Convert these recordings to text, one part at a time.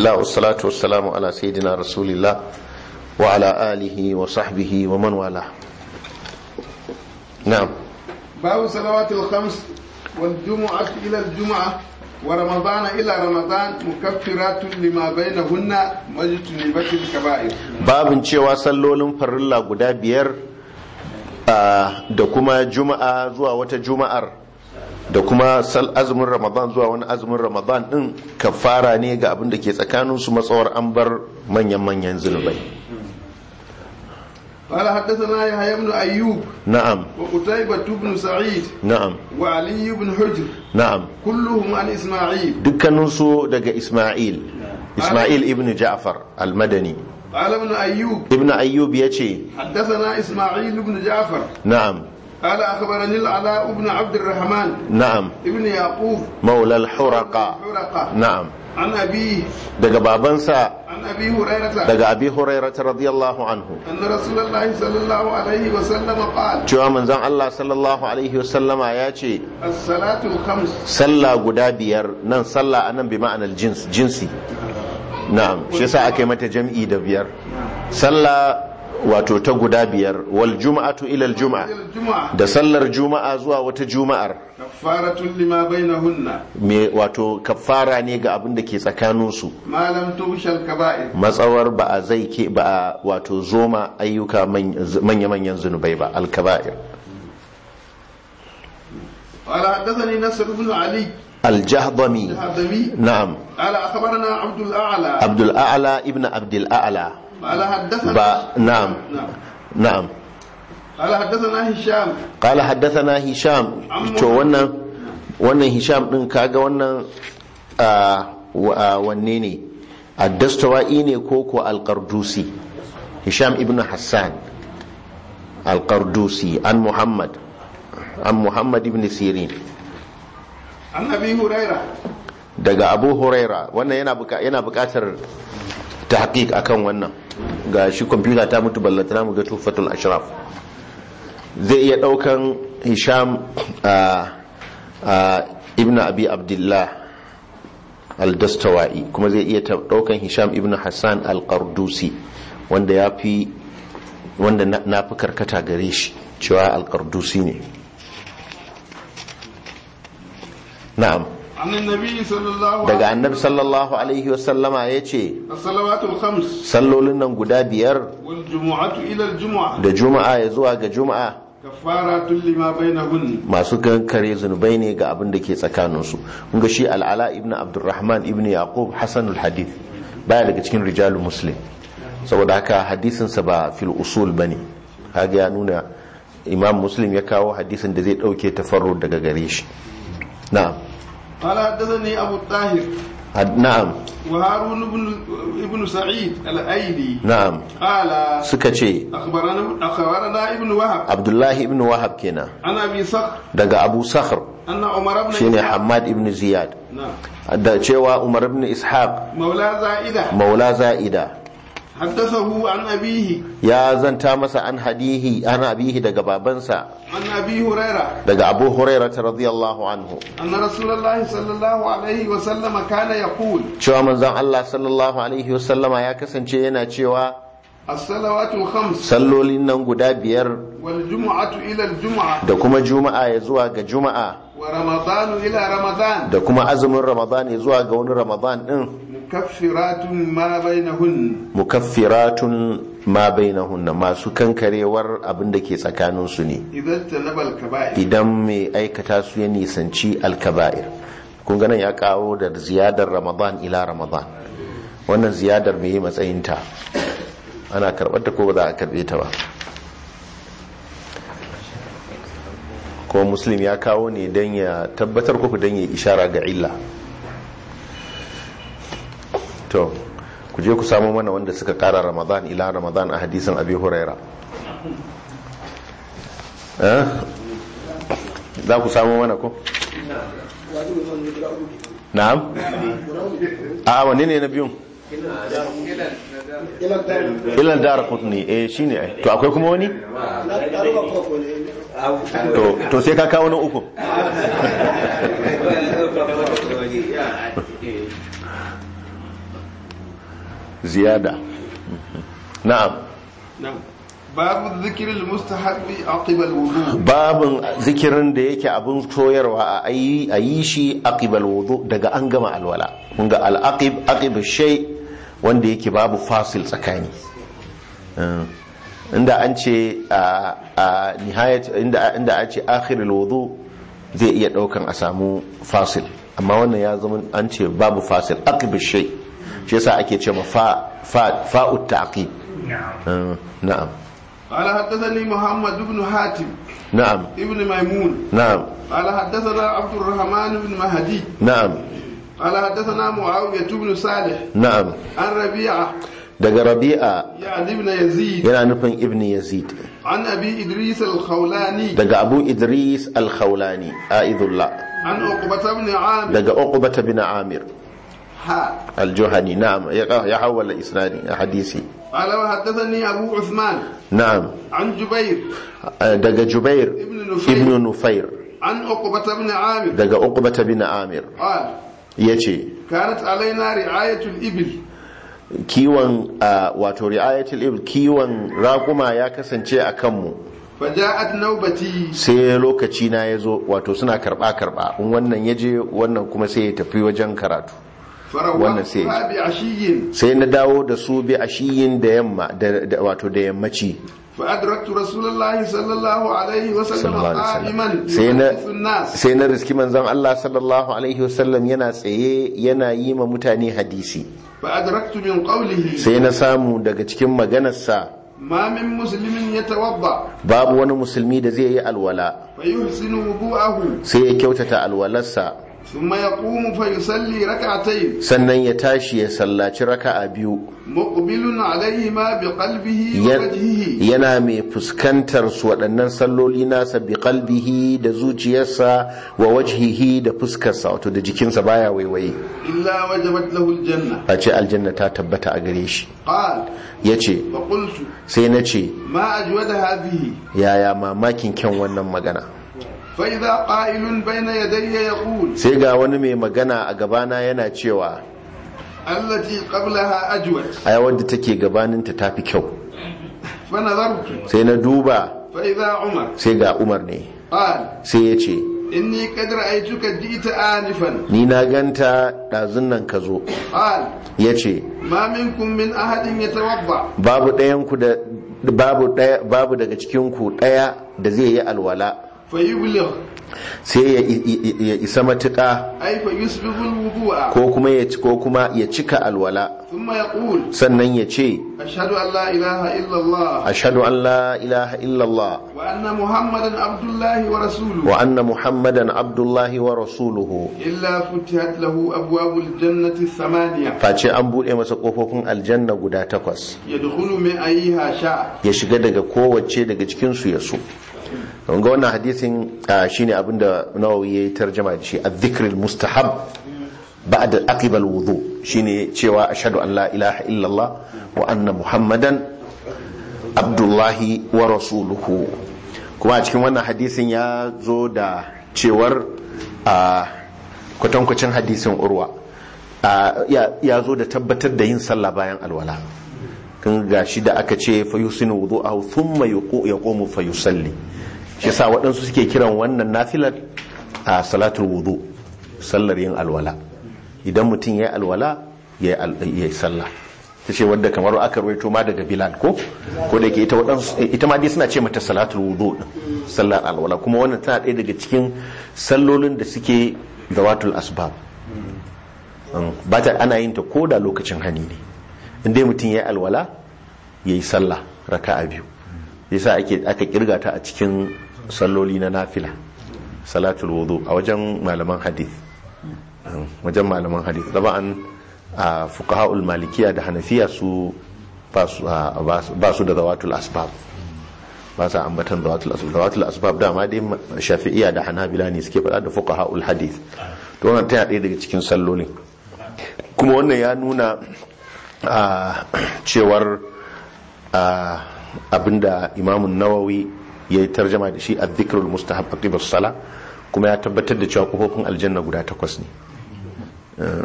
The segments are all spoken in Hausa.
Allah wassalatu wassalamu ala sayyidina rasulillah wa alihi wa sahbihi wa man wala babu salawatul khams wal jumu'ati ila al jumu'ah wa ramadan ila ramadan mukaffiratun lima bainahunna majtunibatul kaba'ir babin cewa sallolin farilla guda biyar ah, da kuma juma'a zuwa wata juma'ar da kuma sal azumin ramadan zuwa wani azumin ramadan din ka fara ne ga abin da ke tsakanin su matsawar an bar manyan-manyan zunubai Fala haddasa ya hayam da ayyub na'am wa uTaiba batu sa'id na'am wa ali Ibn hujr na'am kulluhum an isma'il dukkanin su daga isma'il isma'il ibn ja'far al-madani Fala ibn ayyub ibn ayyub yace haddasa na isma'il ibn ja'far na'am قال أخبرني العلاء بن عبد الرحمن نعم ابن يعقوب مولى الحرقة الحرقة نعم عن أبيه دقى بابنسا عن أبي هريرة دقى أبي هريرة رضي الله عنه أن رسول الله صلى الله عليه وسلم قال شو من زن الله صلى الله عليه وسلم آياتي الصلاة الخمس صلى قدابير نن صلى أنا بمعنى الجنس جنسي نعم شو ساعة كلمة جمعي دبير صلى wato ta guda biyar wal juma'atu ila al juma'a da sallar juma'a zuwa wata juma'ar kaffaratun lima bainahunna me wato kaffara ne ga abin da ke tsakanin su malam tushal kaba'ir matsawar ba a zai ke ba wato zoma ayyuka manya manyan zunubai ba al kaba'ir ala hadathani nasr ibn ali jahdami na'am ala akhbarana Abdul a'la Abdul a'la Ibn Abdul a'la قال حدثنا با نعم نعم, نعم. قال حدثنا هشام قال حدثنا هشام to wannan wannan hisham din kaga wannan a wanne ne addastawa'i ne ko ko alqardusi hisham ibn hassan alqardusi an muhammad an muhammad ibn sirin an abi huraira daga abu huraira wannan yana bukatar tahqiq akan wannan ga shi kwamfuta ta mutu ballantana mu ga tufatul ashraf zai iya daukan hisham ibn abi abdullah al-dastawa'i kuma zai iya daukan hisham ibn hassan al-qardusi wanda ya fi wanda na fi karkata gare shi cewa al-qardusi ne na'am daga annabi sallallahu alaihi wasallama ya ce sallolin nan guda biyar da juma'a ya zuwa ga juma'a masu kankare zunubai ne ga abin da ke tsakaninsu ga shi al'ala ibn abdurrahman ibn yaqub hassanul hadith baya daga cikin rijalu muslim saboda haka hadisinsa ba fil usul ba ne haga ya nuna imam muslim ya kawo hadisin da zai ɗauke tafarro daga gare shi na'am قال حدثني أبو الطاهر نعم وهارون بن ابن سعيد الايدي نعم قال سكتشي اخبرنا اخبرنا ابن وهب عبد الله ابن وهب كنا انا ابي صخر دغ ابو صخر انا عمر بن شيني حماد ابن زياد نعم da cewa Umar ibn Ishaq maula za'ida maula za'ida حدثه عن أبيه يا زنتا مسا عن حديه عن أبيه دقى بابنسا عن أبي هريرة دقى أبو هريرة رضي الله عنه أن رسول الله صلى الله عليه وسلم كان يقول شو من زن الله صلى الله عليه وسلم يا كسن شينا شوى الصلوات الخمس صلوا لنا قدا بير والجمعة إلى الجمعة دكما جمعة يزوى جمعة ورمضان إلى رمضان دكما أزم رمضان يزوى قون رمضان إن mukaffiratun ma bai na hunna. masu kankarewar abin da ke tsakaninsu ne idan mai aikata su ya nisanci alkaba'ir kun ganin ya kawo da ziyadar ramadan ila ramadan wannan ziyadar mai yi matsayinta ana karɓar ta ko ba za a karɓe ta ba ko muslim ya kawo ne don ya tabbatar kuku don ya ishara ga illa to ku je ku samu mana wanda suka kara ramadan ila ramadan a hadisin abi huraira eh? za ku samu mana ko na'am a wanne ne na biyun ilan dara kutni eh shine ai to akwai kuma wani to sai ka kawo na uku ziyada na'am babu zikirin a aqibal wudu Babu zikirin da yake abin toyarwa a yi shi aqibal wudu daga an gama alwala kun ga al aqib aqib shai wanda yake babu fasil tsakani eh. inda an ce a nihayat inda a ce akhirul wudu zai iya daukan a samu fasil amma wannan ya zama an ce babu fasil aqib shay shi yasa ake ce ma fa'ut ta'aqib na'am قال حدثني محمد بن حاتم نعم ابن ميمون نعم قال حدثنا عبد الرحمن بن مهدي نعم قال حدثنا معاوية بن صالح نعم عن ربيعة daga rabi'a yana nufin ibn yazid an abi idris al-khawlani daga abu idris al-khawlani a'idullah an amir daga uqbata ibn amir الجهني نعم يحول إسنادي حديثي قال وحدثني أبو عثمان نعم عن جبير دقى جبير ابن نفير, ابن نفير. عن عقبة بن عامر دقى عقبة بن عامر قال كانت علينا رعاية الإبل kiwon eh, wato ri'ayatul ibil kiwon raƙuma ya kasance a kanmu faja'at naubati sai lokaci na yazo wato suna karba karba in wannan yaje wannan kuma sai ya tafi wajen karatu wannan sai sai na dawo da su bi ashiyin da yamma wato da yammaci فأدركت رسول الله صلى الله عليه وسلم قائما sai na riski manzon Allah sallallahu alaihi wasallam yana tsaye yana yi ma mutane hadisi فأدركت min qawlihi sai na samu daga cikin maganarsa ma min muslimin yatawadda babu wani musulmi da zai yi alwala fa yuhsinu wudu'ahu sai ya kyautata alwalarsa ثم يقوم ta yi. sannan ya tashi ya sallaci raka a biyu muqbilun alaihima biqalbihi wa wajhihi yana mai fuskantar su waɗannan salloli nasa bi biqalbihi da zuciyarsa wa wajihihi da fuskarsa wato da jikinsa baya waiwaye illa waje lahu aljanna a ce aljanna ta tabbata a gare shi ya ce sai na ce ma ajwada hadhihi yaya mamakin kyan wannan magana فإذا قائل ya يدي Sai ga wani mai magana a gabana yana cewa allati qablaha ajwad ai wanda take gabanin ta tafi kyau fa nazartu sai na duba Fa'iza umar sai ga umar ne qal sai ce inni qad ra'aytuka ji'ta anifan ni na ganta dazun nan ka zo Ya ce. ma minkum min ahadin yatawadda babu dayan ku da babu daya babu daga cikin ku daya da zai yi alwala sai ya isa matuƙa ko kuma ya ko kuma ya cika alwala sannan ya ce ashhadu an la ilaha illallah ashhadu an la ilaha illallah wa anna muhammadan abdullahi wa rasuluhu wa anna muhammadan abdullahi wa rasuluhu illa futihat lahu abwabul jannati thamaniya face an bude masa kofofin aljanna guda takwas yadkhulu min ayyiha sha ya shiga daga kowace daga cikin su ya so ga wannan hadisin shine abin da nawawi ya yi tarjama da shi a zikirin mustahab da aqibal wudu shine cewa shaɗu an la ilaha illallah wa na muhammadan abdullahi wa rasuluhu kuma a cikin wannan hadisin ya zo da cewar a kwatankwacin hadisin urwa ya zo da tabbatar da yin sallah bayan alwala kan gashi da aka ce fa yusinu sun mai ya fa fayusalli shi sa waɗansu suke kiran wannan nafilar a salatul wudu sallar yin alwala idan mutum ya yi alwala ya yi sallah ta ce wadda kamar aka to ma daga bilal ko ko da ke ita ma dai suna ce mata salatul wudu sallar alwala kuma wannan tana ɗaya daga cikin sallolin da suke zawatul asbab hmm, ba ta ana yin ta ko da lokacin hani ne inda mutum ya yi alwala ya yi sallah raka'a biyu yasa ake aka kirga ta a cikin salloli na nafila salatul wudu a wajen malaman hadith hmm. wajen malaman hadith an a malikiya da hanafiya su ba su da zawatul asbab ba sa ambatan zawatul asbab zawatul asbab ma dai shafi'iya da hanabila ne suke faɗa da fuqaha'ul hadith to wannan ta ɗaya daga cikin salloli kuma wannan ya nuna cewar abinda imamun nawawi ya yi tarjama da shi a zikirul mustahab aqibas sala kuma ya tabbatar da cewa ƙofofin aljanna guda takwas ne eh,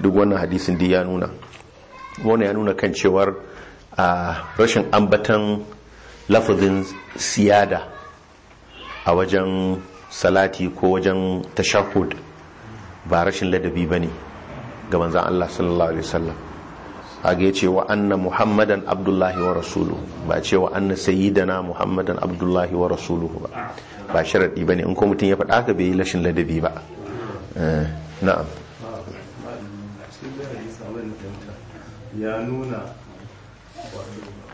duk wannan hadisin da ya nuna wani ya nuna kan cewar rashin ambatan lafazin siyada a wajen salati ko wajen tashahud ba rashin ladabi ba ne ga manzan Allah sallallahu alaihi wasallam age ce wa anna muhammadan abdullahi wa rasuluhu ba ce wa anna sayyidana muhammadan abdullahi wa rasuluhu ba ba ba ne in ko mutum ya faɗa ka bai yi lashin ladabi ba eh, na'am ya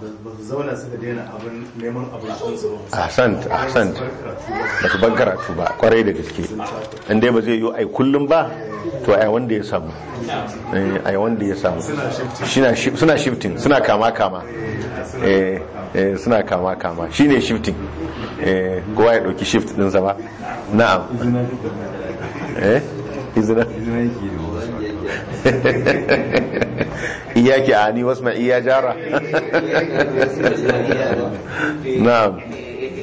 ba su zauna suka daina abin neman ahsant ahsant ba su ban karatu ba kwarai da gaske in dai ba zai yi ai kullum ba to ai wanda ya samu eh, ai wanda ya samu suna shifting suna kama kama eh, eh, suna kama kama shine shifting kowa ya dauki shift ɗinsa ba na'am izina izina yake إياك يعني واسمع إيا جارة نعم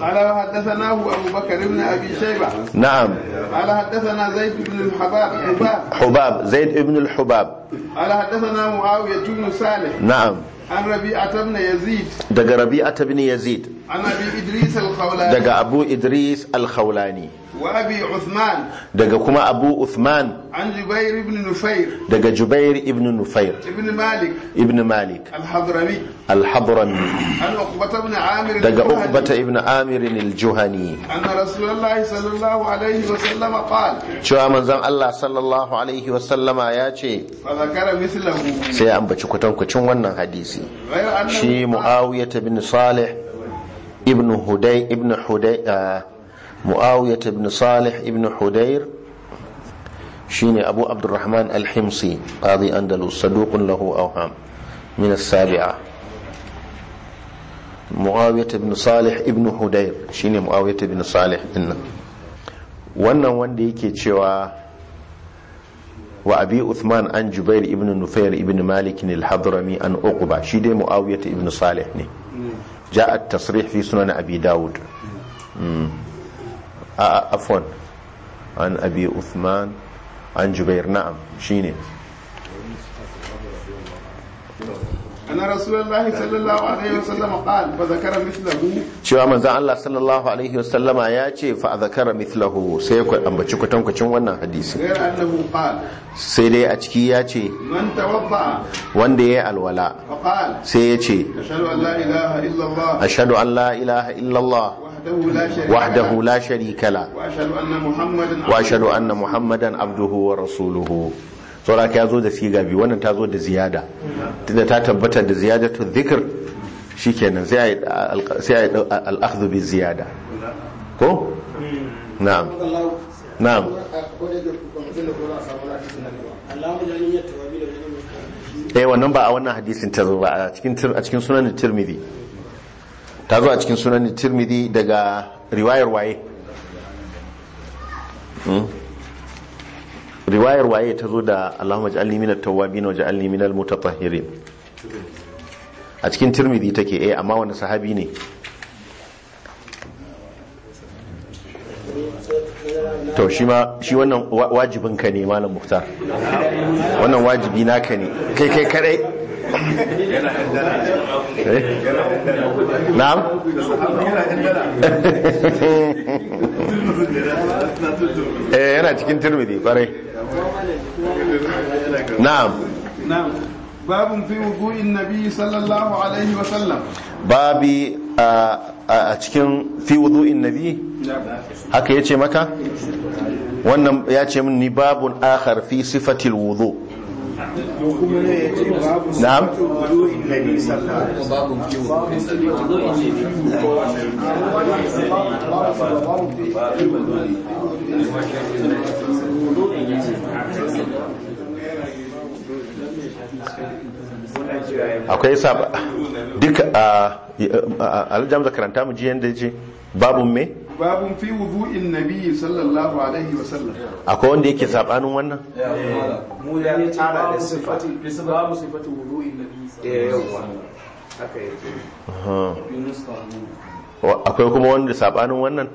قال وحدثناه أبو بكر بن أبي شيبة نعم قال حدثنا زيد بن الحباب حباب حباب زيد بن الحباب قال حدثنا معاوية بن صالح نعم عن ربيعة بن يزيد دق ربيعة بن يزيد daga abu idris al-khawlani daga kuma abu uthman daga jubair ibn nufair ibn malik al-hadrami daga ukbata ibn amirin al-juhani cewa manzan allah sallallahu alaihi wasallama ya ce sai an ambaci kwatankwacin wannan hadisi shi mu'awiyata bin salih ibn hudai ibn hudai uh, muawiyat ibn salih ibn hudair shine abu abdurrahman al-himsi qadi andalus saduqun lahu awham min as-sabi'a muawiyat ibn salih ibn hudair shine muawiyat ibn salih dinnan wannan wanda yake cewa wa abi uthman an jubair ibn nufair ibn malik al-hadrami an uqba shi dai muawiyah ibn salih ne ja a tasrih fi sunan abi dawud a afon an abi uthman an jubair na'am shine anna rasulullahi sallallahu alaihi qala fa zakara mithlahu cewa manzon Allah sallallahu alaihi wasallama ya ce fa zakara mithlahu sai ku ambaci kutankucin wannan hadisi sai dai a ciki ya ce man tawaffa wanda yayi alwala sai ya ce ashhadu an la ilaha illallah وحده لا شريك له واشهد ان محمدا عبده ورسوله saura ka zo da siga biyu wannan ta zo da ziyada tunda ta tabbatar da ziyadatu dhikr shikenan sai ai sai ai al-akhdhu bi ziyada ko na'am na'am eh wannan ba a wannan hadisin ta zo ba a cikin a cikin sunan tirmidhi ta zo a cikin sunan tirmidhi daga riwayar waye hmm? riwayar waye ta zo da Allahumma ja'alni minat tawwabin wa ja'alni minal mutatahhirin a cikin tirmidhi take eh amma wani sahabi ne to shi ma shi wannan wajibin ka ne malam muhtar wannan wajibi naka ne kai kai kare eh? na'am eh yana cikin tirmidhi kwarai نعم نعم باب في وضوء النبي صلى الله عليه وسلم بابي اتكن آه، آه، آه، في وضوء النبي نعم. هكا يتي مكا وانا يتي من باب اخر في صفة الوضوء نعم, نعم. akwai sab duk a aljam zakaranta mu ji yanda yace babun me babun fi wudu'in nabiyyi sallallahu alaihi wasallam akwai wanda yake sabanin wannan mu da ya tara da sifati bi sababu sifatu wudu'in nabiyyi eh, haka yake akwai kuma wanda sabanin wannan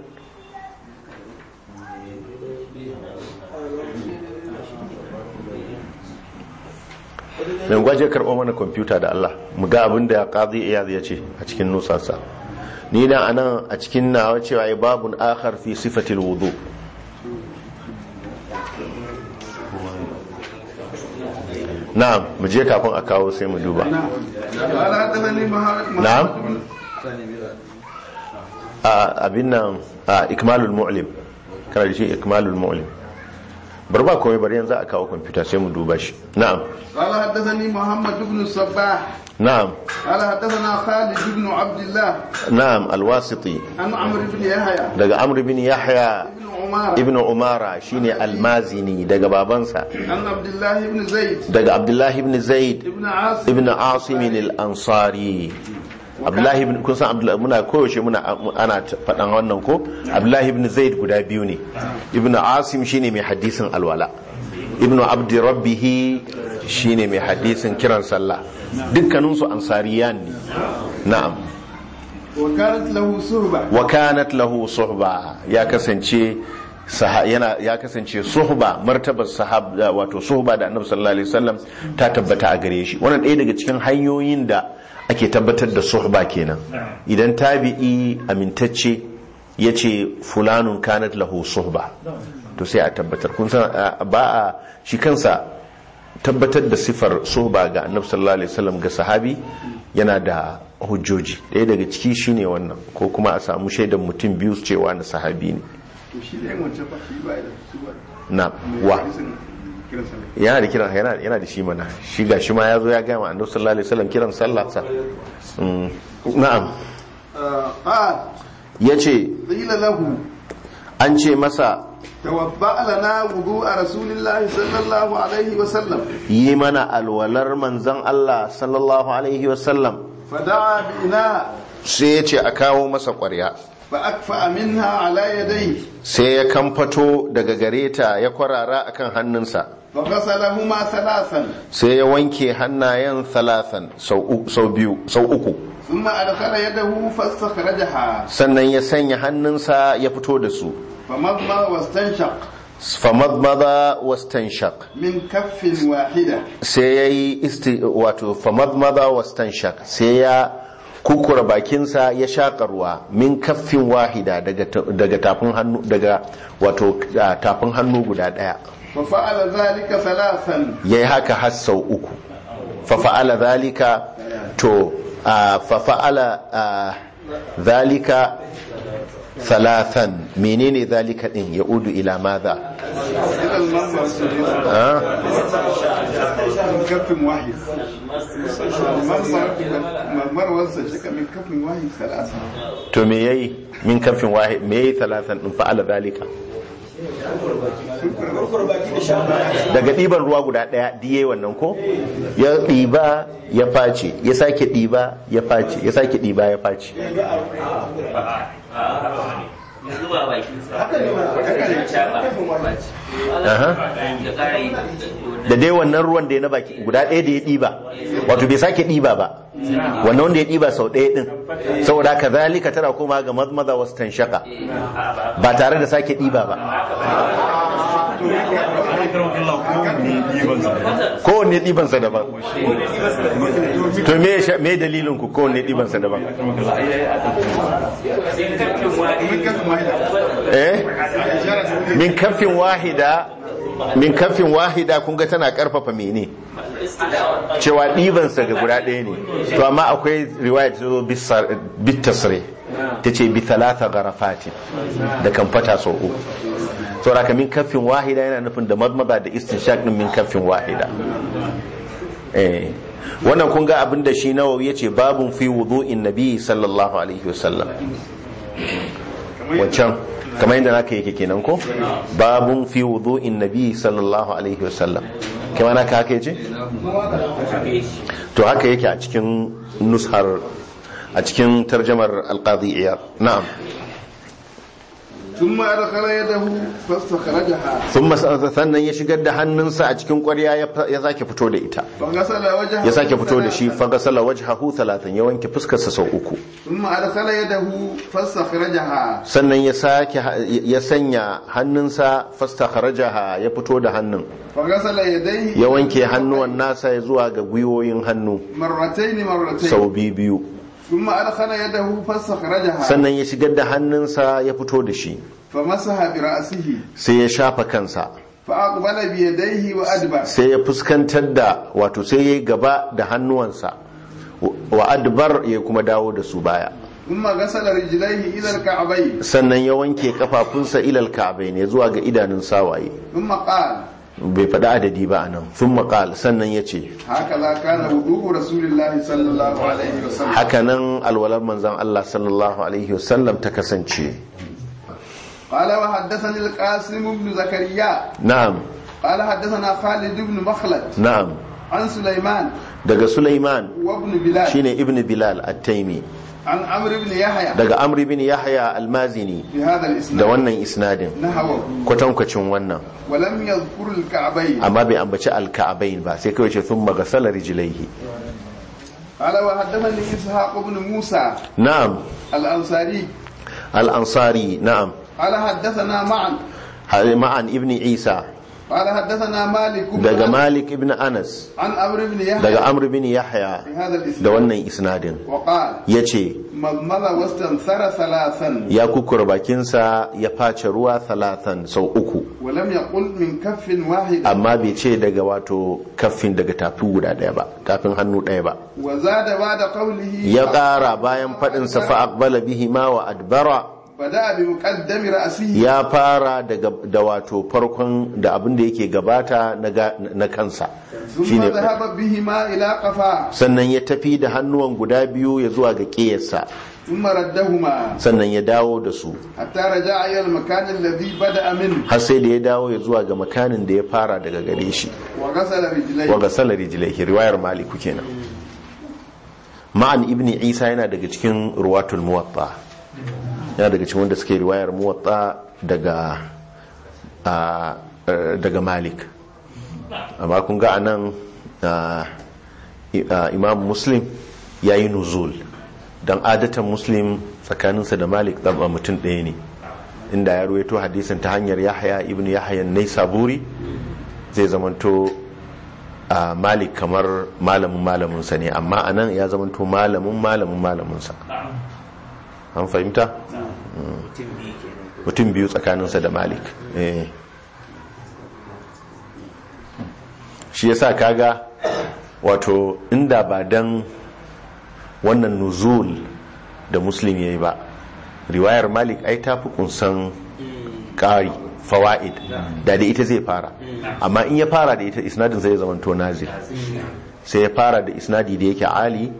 mai gwaje karɓo mana kwamfuta da Allah mu ga abin da qazi iyaz ya ce a cikin nusarsa ni na anan a cikin nawa cewa ya babun akhar fi sifatil wudu na'am mu je kafin a kawo sai mu duba na'am abin nan ikmalul mu'lim kana da shi ikmalul mu'lim bar ba komai bari yanzu a kawo kwamfuta sai mu duba shi na'am qala haddathani muhammad ibn sabbah na'am qala khalid ibn abdullah na'am alwasiti an amr ibn yahya daga amr ibn yahya ibn umara shine almazini daga babansa an abdullah ibn zaid daga abdullah ibn zaid ibn asim al ansari abdullahi ibn kun san muna koyaushe muna ana faɗan wannan ko abdullahi ibn zaid guda biyu ne ibn asim shine mai hadisin alwala ibn abdi rabbihi shine mai hadisin kiran sallah dukkanin su ansariyan ne na'am wa kanat lahu suhba ya kasance ya kasance suhba martabar sahaba wato suhba da annabi sallallahu alaihi wasallam ta tabbata a gare shi wannan ɗaya daga cikin hanyoyin da ake tabbatar da suhba kenan idan tabi'i amintacce ya ce fulanun kanat lahu suhba to sai a tabbatar kun san ba a shi kansa tabbatar da sifar suhba ga annabi sallallahu alaihi wasallam ga sahabi yana da hujjoji ɗaya daga ciki shine wannan ko kuma a samu shaidan mutum biyu cewa na sahabi ne na wa yana da kiran yana yana da shi mana shi ga shi ma zo ya gama a annabi sallallahu alaihi wasallam kiran sallah sa mm. na'am uh, ah. yace qila lahu an ce masa tawabba lana wudu a rasulillahi sallallahu alaihi wasallam yi mana alwalar manzon Allah sallallahu alaihi wasallam fada'a bi ina sai yace a kawo masa ƙwarya fa'akfa minha ala yadayhi sai ya kamfato daga gareta ya kwarara akan hannunsa sai ya wanke hannayen salasan sau biyu sau uku sannan ya sanya hannunsa ya fito da su famadmada wastanshaq min kaffin wahida sai ya yi wato famadmada wastanshaq sai ya kukura bakinsa ya shakarwa min kaffin wahida daga tafin hannu daga wato tafin hannu guda daya fa fa'ala zalika thalathan yayi haka hassau uku fa fa'ala zalika to fa'ala zalika thalathan menene zalika din ya udu ila maza to me yayi min kafin wahid me yayi salasan din fa'ala zalika daga ɗiban ruwa guda ɗaya diye wannan ko ya ɗiba ya face ya sake ɗiba ya face ya sake ɗiba ya face da dai wannan ruwan da ya na baki guda ɗaya da ya ɗiba wato bai sake ɗiba ba wannan wanda ya ɗiba sau ɗaya ɗin saboda ka zalika tana koma ga mazmaza wasu tanshaka ba tare da sake ɗiba ba kowanne ɗibansa daban to me dalilin ku kowanne ɗibansa daban eh min kafin wahida min kafin wahida kun ga tana karfafa mene cewa ɗibansa ga guda ɗaya ne to amma akwai riwayat zo bitasre ta ce bi talata garafati da kan fata sau uku sauraka min kafin wahida yana nufin da madmada da istin din min kafin wahida eh, wannan kun ga abin da shi nawawi yace babun fi wudu'in nabi sallallahu alaihi wasallam wancan kamar yadda naka yake kenan ko babun fi wudu'in nabi sallallahu alaihi wasallam kamar naka haka yace to haka yake a cikin nushar a cikin tarjamar alqadi iyar na'am ثم أدخل يده فاستخرجها ثم sannan ya shigar da hannunsa a cikin ƙwarya ya zaki fito da ita ya sake fito da shi fa waje hahu talatin, ya wanke fuskarsa sau uku thumma adkhala yadahu fastakhrajaha sannan ya Sannan ya sanya hannunsa fastakhrajaha ya fito da hannun ya wanke hannuwan nasa ya zuwa ga gwiwoyin hannu sau biyu sannan ya shigar da hannunsa ya fito da shi famasaha bi ra'sihi sai ya shafa kansa fa aqbala bi yadayhi wa sai ya fuskantar da wato sai ya gaba da hannuwansa wa adbar ya kuma dawo da su baya kuma gasala rijlaihi ila sannan ya wanke kafafunsa ila alka'bayn ya zuwa ga idanun sawaye kuma qala bai faɗi adadi ba anan sun maƙal sannan ya ce haka nan alwalar manzan Allah sallallahu alaihi wasallam ta kasance ƙala wa haddasa nil ƙasim ibn zakariya na'am ƙala haddasa na khalid ibn makhlad na'am an sulaiman daga sulaiman shine ibn bilal at-taimi daga amri bin haya almazini da wannan isnadin kwatankwacin wannan amma bai ambaci alka'abai ba sai kawai ce sun magasala rijilaihi na'am al'ansari na'am ma'an ibn isa Daga Malik ibn Anas. Daga ابن انس da wannan isnadin ya ce ya kukura bakinsa ya face ruwa talatan sau uku amma bai ce daga wato kafin daga tafin guda daya ba tafin hannu daya ba ya ƙara bayan faɗinsa fa'aqbala bihi ma wa adbara ya fara da wato farkon da abin da yake gabata na kansa shine sannan ya tafi da hannuwan guda biyu ya zuwa ga kiyarsa sannan ya dawo da su har sai da ya dawo ya zuwa ga makanin da ya fara daga gare shi wa gasala rijilaihi riwayar maliku kenan ma'an ibni isa yana daga cikin ruwatul muwatta ya daga cikin wanda suke riwayar muwatta daga daga malik amma kun ga anan imam muslim ya yi nuzul don adatan muslim tsakaninsa da malik ɗaba mutum ɗaya ne inda ya ruwaito hadisin ta hanyar yahaya ibn yahayan nai Buri zai zamanto a malik kamar malamin malaminsa ne amma anan ya zamanto malamin malamin malaminsa an fahimta mutum biyu tsakaninsa da malik eh. shi yasa kaga wato inda ba dan wannan nuzul da muslim yayi ba riwayar malik ai ta fi kunsan hmm. ƙari fawa'id hmm. da da ita zai fara hmm. amma in ya fara da ita isnadin sai ya zama tonazi sai ya fara da isnadi da yake ali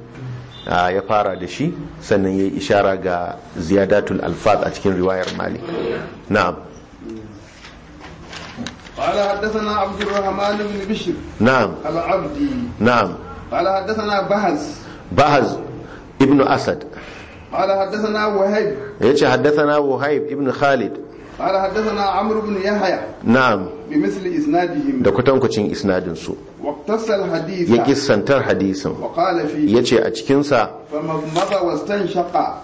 ya fara da shi sannan ya yi ishara ga ziyadatul alfaz a cikin riwayar malik na'am قال حدثنا عبد الرحمن بن بشر نعم العبدي نعم قال حدثنا بهز بهز ابن أسد قال حدثنا وهيب يتي حدثنا وهيب ابن خالد قال حدثنا عمرو بن يحيى نعم بمثل ya kisantar hadisin ya ce a cikinsa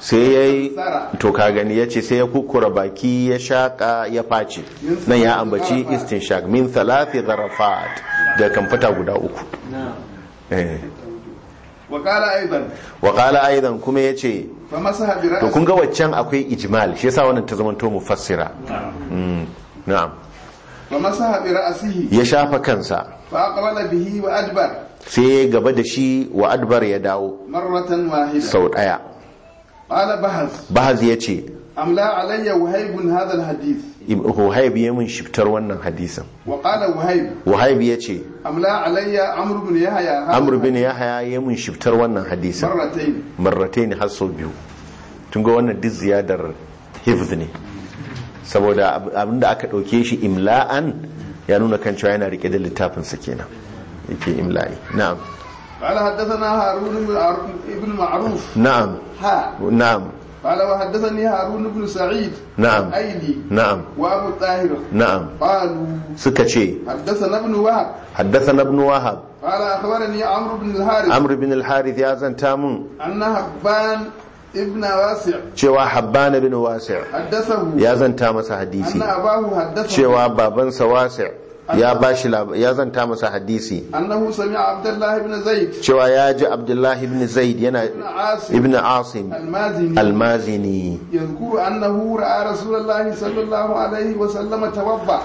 sai ya yi to gani ya ce sai ya kukura baki ya shaƙa ya face nan ya ambaci istinshak min thalathi zarafat da kamfata guda uku eh. wakala aidan kuma ya ce to kun ga waccan akwai ijimal shi yasa wannan ta zama to fassira. na'am mm. ya shafa kansa sai ya gaba da shi wa adbar ya dawo sau daya bahaz ya ce amla alayya wahaibun hadal hadith wahaib ya mun shiftar wannan hadisin wahaib ya ce amla alayya amr bin yahya amr bin yahya ya mun shiftar wannan hadisin marratain marratain har sau biyu tun ga wannan duk hifz ne saboda abinda aka ɗauke shi imla'an ya nuna kan cewa yana rike da littafinsa kenan yake imla'i na'am قال حدثنا harun ibn معروف Na'am. ها نعم قال وحدثني هارون بن سعيد نعم أيلي نعم وأبو الطاهر نعم قالوا سكتشي حدثنا ابن وهب حدثنا ابن وهب قال أخبرني عمرو بن الحارث عمرو بن الحارث يا زنتامون أن هبان ibn wasi' cewa habban ibn ya zanta masa hadisi cewa babansa wasi' ya shi ya zanta masa hadisi annahu ibn zaid cewa ya ji Abdullahi ibn zaid yana ibn asim almazini yadhkuru annahu ra'a sallallahu alaihi wa sallam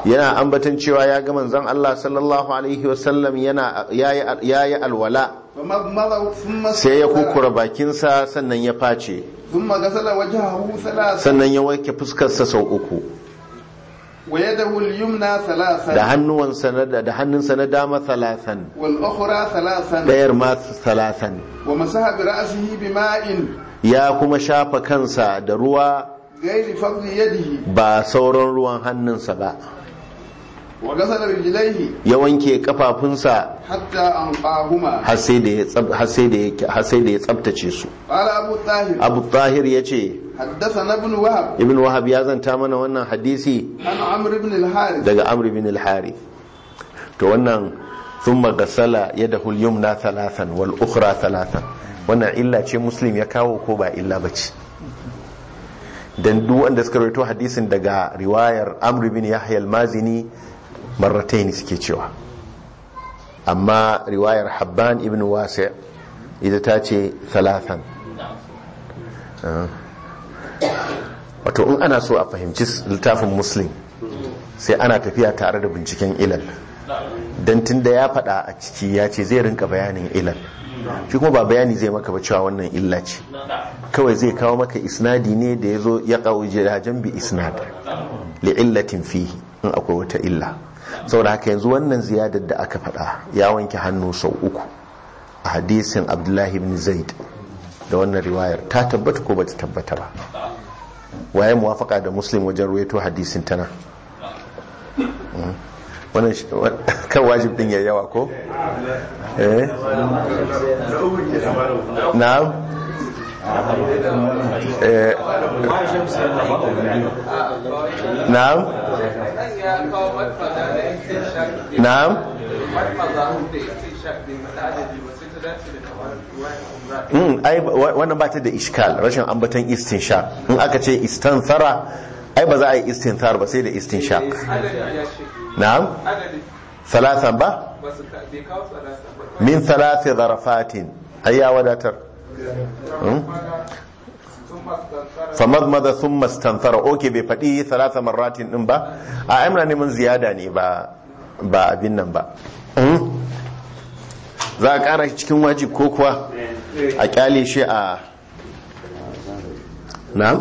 yana ambatan cewa ya ga manzon Allah sallallahu alaihi wa sallam yana yayi alwala sai ya kukura bakinsa sannan ya face sannan ya wanke fuskarsa sau uku wa yadahu al da hannuwansa na da hannunsa na dama thalathan wal ukhra thalathan dayar ma thalathan wa masaha bi ra'sihi bima'in ya kuma shafa kansa da ruwa gairi fadli yadihi ba sauran ruwan hannunsa ba ya wanke kafafunsa har sai da ya tsabtace su abu tahir ya ce ibn wahab ya zanta mana wannan hadisi daga amri bin al to wannan thumma gasala yadahu al-yumna thalathan wal ukura thalathan wannan illa ce muslim ya kawo ko ba illa bace dan duk suka rawaito hadisin daga riwayar amri bin yahya mazini marrataini suke cewa amma riwayar habban ibn wasa ita ta ce thalathan wato in ana so a fahimci littafin muslim sai ana tafiya tare da binciken ilal don tun da ya faɗa a ciki ya ce zai rinka bayanin ilal shi kuma ba bayani zai maka ba cewa wannan illa ce kawai zai kawo maka isnadi ne da ya zo ya kawo jirajen bi isnad li'illatin fihi in akwai wata illa saboda haka yanzu wannan ziyadar da aka faɗa ya wanke hannu sau uku a hadisin abdullahi bin zaid da wannan riwayar ta tabbata ko ba ta tabbata ba waye muwafaka da muslim wajen ruwaito hadisin tana wannan kan wajib din yayi yawa ko eh na'am Eh, na'am na'am hmm, ai wannan ba ta da iskal rashin ambaton istinsha in aka ce tsara. ai ba za a yi istanthar ba sai da istinshaq na'am Salasan ba min thalathi zarafatin. ai ya wadatar Hmm? famadmada sun masu mastanfara oke bai faɗi salata maratin ɗin ba a amina neman ziyada ne ba abin nan ba hmm? za a ƙara cikin wajib ko kuwa a ƙyale shi a na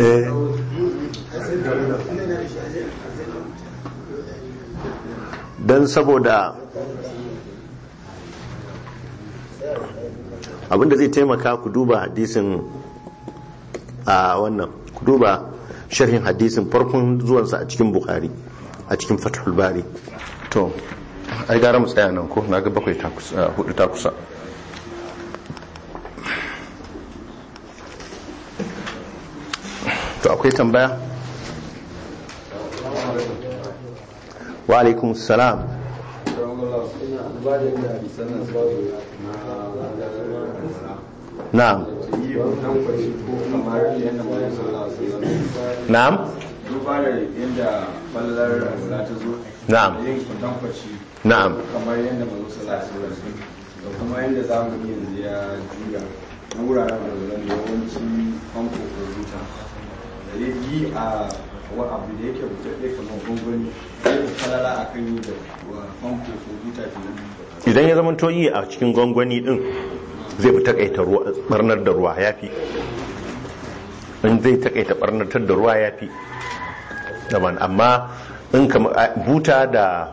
eh. don saboda abinda zai taimaka ku duba hadisin a wannan ku duba sharhin hadisin farkon zuwansa a cikin bukari a cikin fathul bari to ai gara mu tsaya nan ko na ga bakwai hudu ta kusa to akwai tambaya wa alaikum salam na'am na'am na'am na'am kamar kuma zamani yanzu ya juya wuraren yawanci a wa abu da yake buɗaɗɗe kamar gwangwani ko falala a kan yi da famfo ko buta kenan idan ya zama toyi a cikin gwangwani din zai fi takaita barnar da ruwa ya fi in zai takaita barnar da ruwa ya fi daban amma in buta da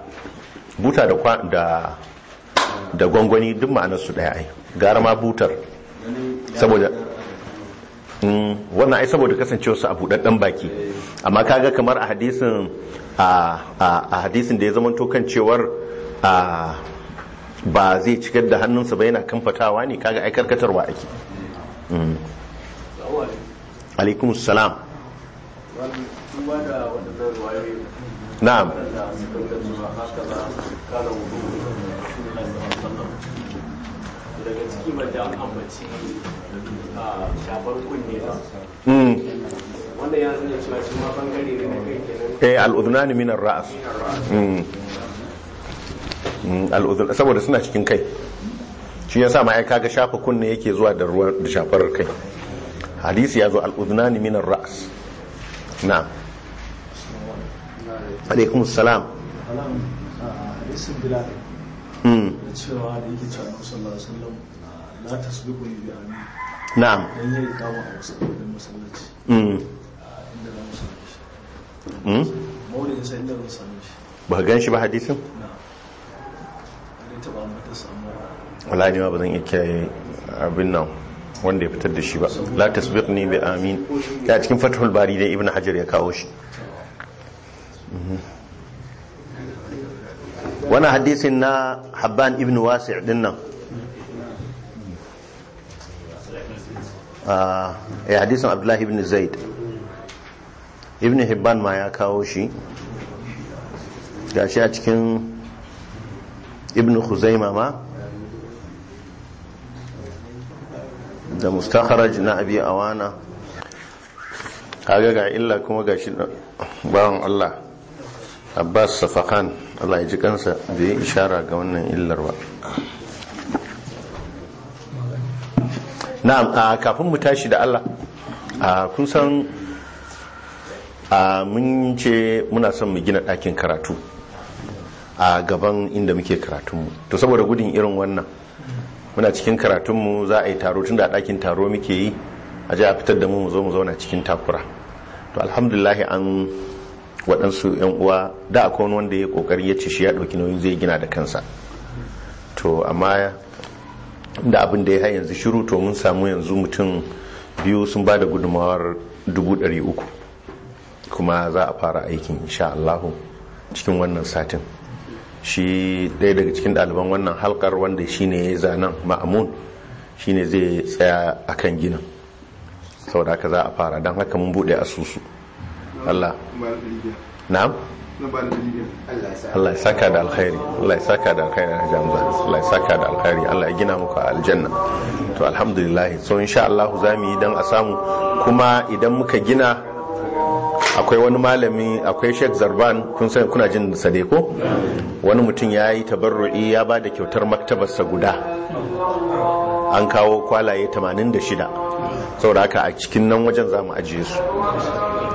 buta da da gwangwani duk ma'anar su daya ai gara ma butar saboda wannan ai saboda kasancewa su a buɗaɗɗen baki amma kaga kamar a hadisin a hadisin da ya zama tokan cewar ba zai cikar da hannunsa ba yana kamfatawa ne kaga ai karkatarwa ake mm. alaikum salam na'am daga ciki madda an ambaci ah, shafar kunne ba hmm. wanda ya zama cewa shi ma bangare ne na kai kenan eh al'udunani min ar hmm. hmm, al'udun saboda suna cikin kai shi yasa ma ai kaga shafa kunne yake zuwa da ruwa da shafar kai hadisi ya zo al'udunani min ar-ra's na'am alaikum salam. hadisin ah, bilal Mm. na cewa da yake cewa na sallallahu sallam ah, la ta su duk wani na'am dan yayi kawo a wasu ɗin masallaci mm. ah, inda za mu same shi mm. maulidin sai inda za mu same shi ba gan shi ba hadisin wala ne ba zan iya kiyaye abin nan wanda ya fitar da shi ba la ni bi amin ya cikin fathul bari dai ibnu hajar ya kawo shi wani hadisin na habban ibn wasi' din nan ya ah, eh, hadisin abdullahi ibn zaid ibn hibban ma ya kawo shi gashi a cikin ibn khuzaima ma da mustakharaj na abi awana kaga ga illa kuma gashi bawan Allah abbas safakan allah ya ji kansa da ya ishara ga wannan illar ba na'am kafin mu tashi da allah a kun san mun ce muna son mu gina ɗakin karatu a gaban inda muke karatunmu to saboda gudun irin wannan muna cikin karatunmu za a yi taro tun da ɗakin taro muke yi a ji a fitar da mu mu zo mu zauna cikin takura to alhamdulahi an waɗansu 'yan uwa da akwai wani wanda ya ƙoƙari ya ce shi ya ɗauki nauyin zai gina da kansa to amma da abin da ya yanzu shiru to mun samu yanzu mutum biyu sun ba da gudunmawar uku kuma za a fara aikin insha Allahu cikin wannan satin shi ɗaya daga cikin ɗaliban wannan halkar wanda shi ne ya zanen ma'amun shi ne zai tsaya a akan ginin da haka za a fara don haka mun buɗe asusu Allah na'am Allah ya saka da alkhairi Allah ya saka da alkhairi a jamza Allah ya saka da alkhairi Allah ya gina muku aljanna to alhamdulillah so insha Allah za mu yi dan a samu kuma idan muka gina akwai wani malami akwai Sheikh Zarban kun san kuna jin sa dai ko wani mutum ya yi tabarru'i ya ba da kyautar maktabarsa guda an kawo kwalaye 86 saboda haka a cikin nan wajen za mu ajiye su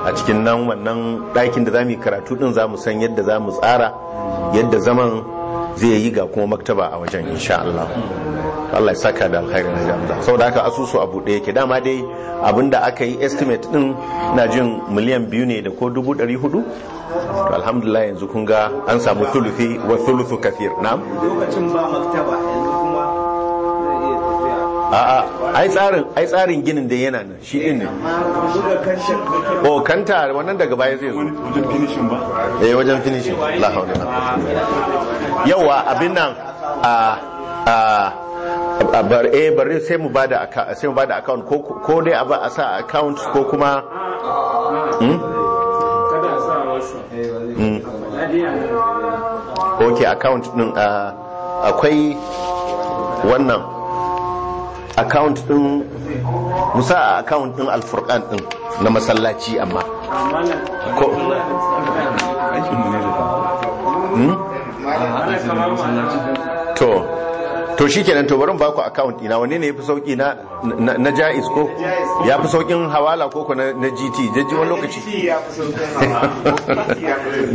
a cikin nan wannan ɗakin da za mu karatu ɗin za mu san yadda za mu tsara yadda zaman zai yi ga kuma maktaba a wajen insha Allah Allah ya saka da alkhairin da amza saboda haka asusu abu ɗaya yake dama dai abinda aka yi estimate ɗin na jin miliyan biyu ne da ko dubu ɗari hudu alhamdulillah yanzu kun ga an samu tulufi wa thuluthu kafir na. lokacin ba maktaba a'a ai tsarin ai tsarin ginin da yana nan shi din ne o kanta wannan daga baya zai zo wajen finishing ba eh wajen finishing la haula yawa abin nan a a bar eh bari sai mu bada sai mu bada account ko ko dai a ba a sa account ko kuma hmm? kada a sa wasu hmm. okay account din akwai wannan account din musa a account din alfurkan din na masallaci amma ko hmm? to to shikenan to barin baku account ina wanne ne yafi sauki na na jaiz ko yafi saukin hawala ko ko na GT jaji wani lokaci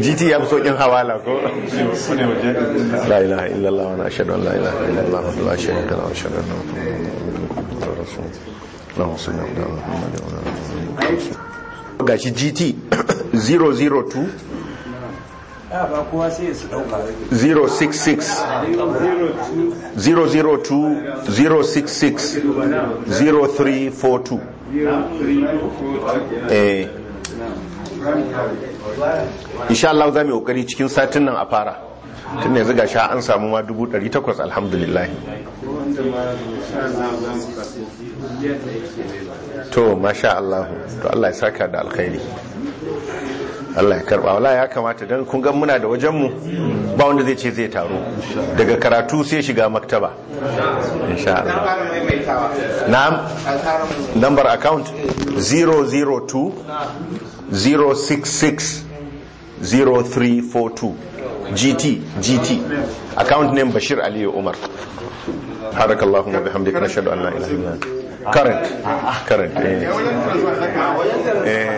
GT yafi saukin hawala ko la ilaha illallah wa ashhadu an la ilaha illallah wa ashhadu anna muhammadan rasulullah gashi gt 002 066 002 066 0342 insha Allah za mu yi kokari cikin satin nan a fara tun yanzu gashi sha an samu ma 800 alhamdulillah to masha Allah to Allah ya saka da alkhairi Allah ya karba wala ya kamata dan kun ga muna da wajenmu ba wanda zai ce zai taro daga karatu sai shiga maktaba insha Allah na'am number account 002 066 0342 GT GT account name Bashir Aliyu Umar سبحانك اللهم وبحمدك نشهد ان لا اله الا انت كارنت كارنت ايه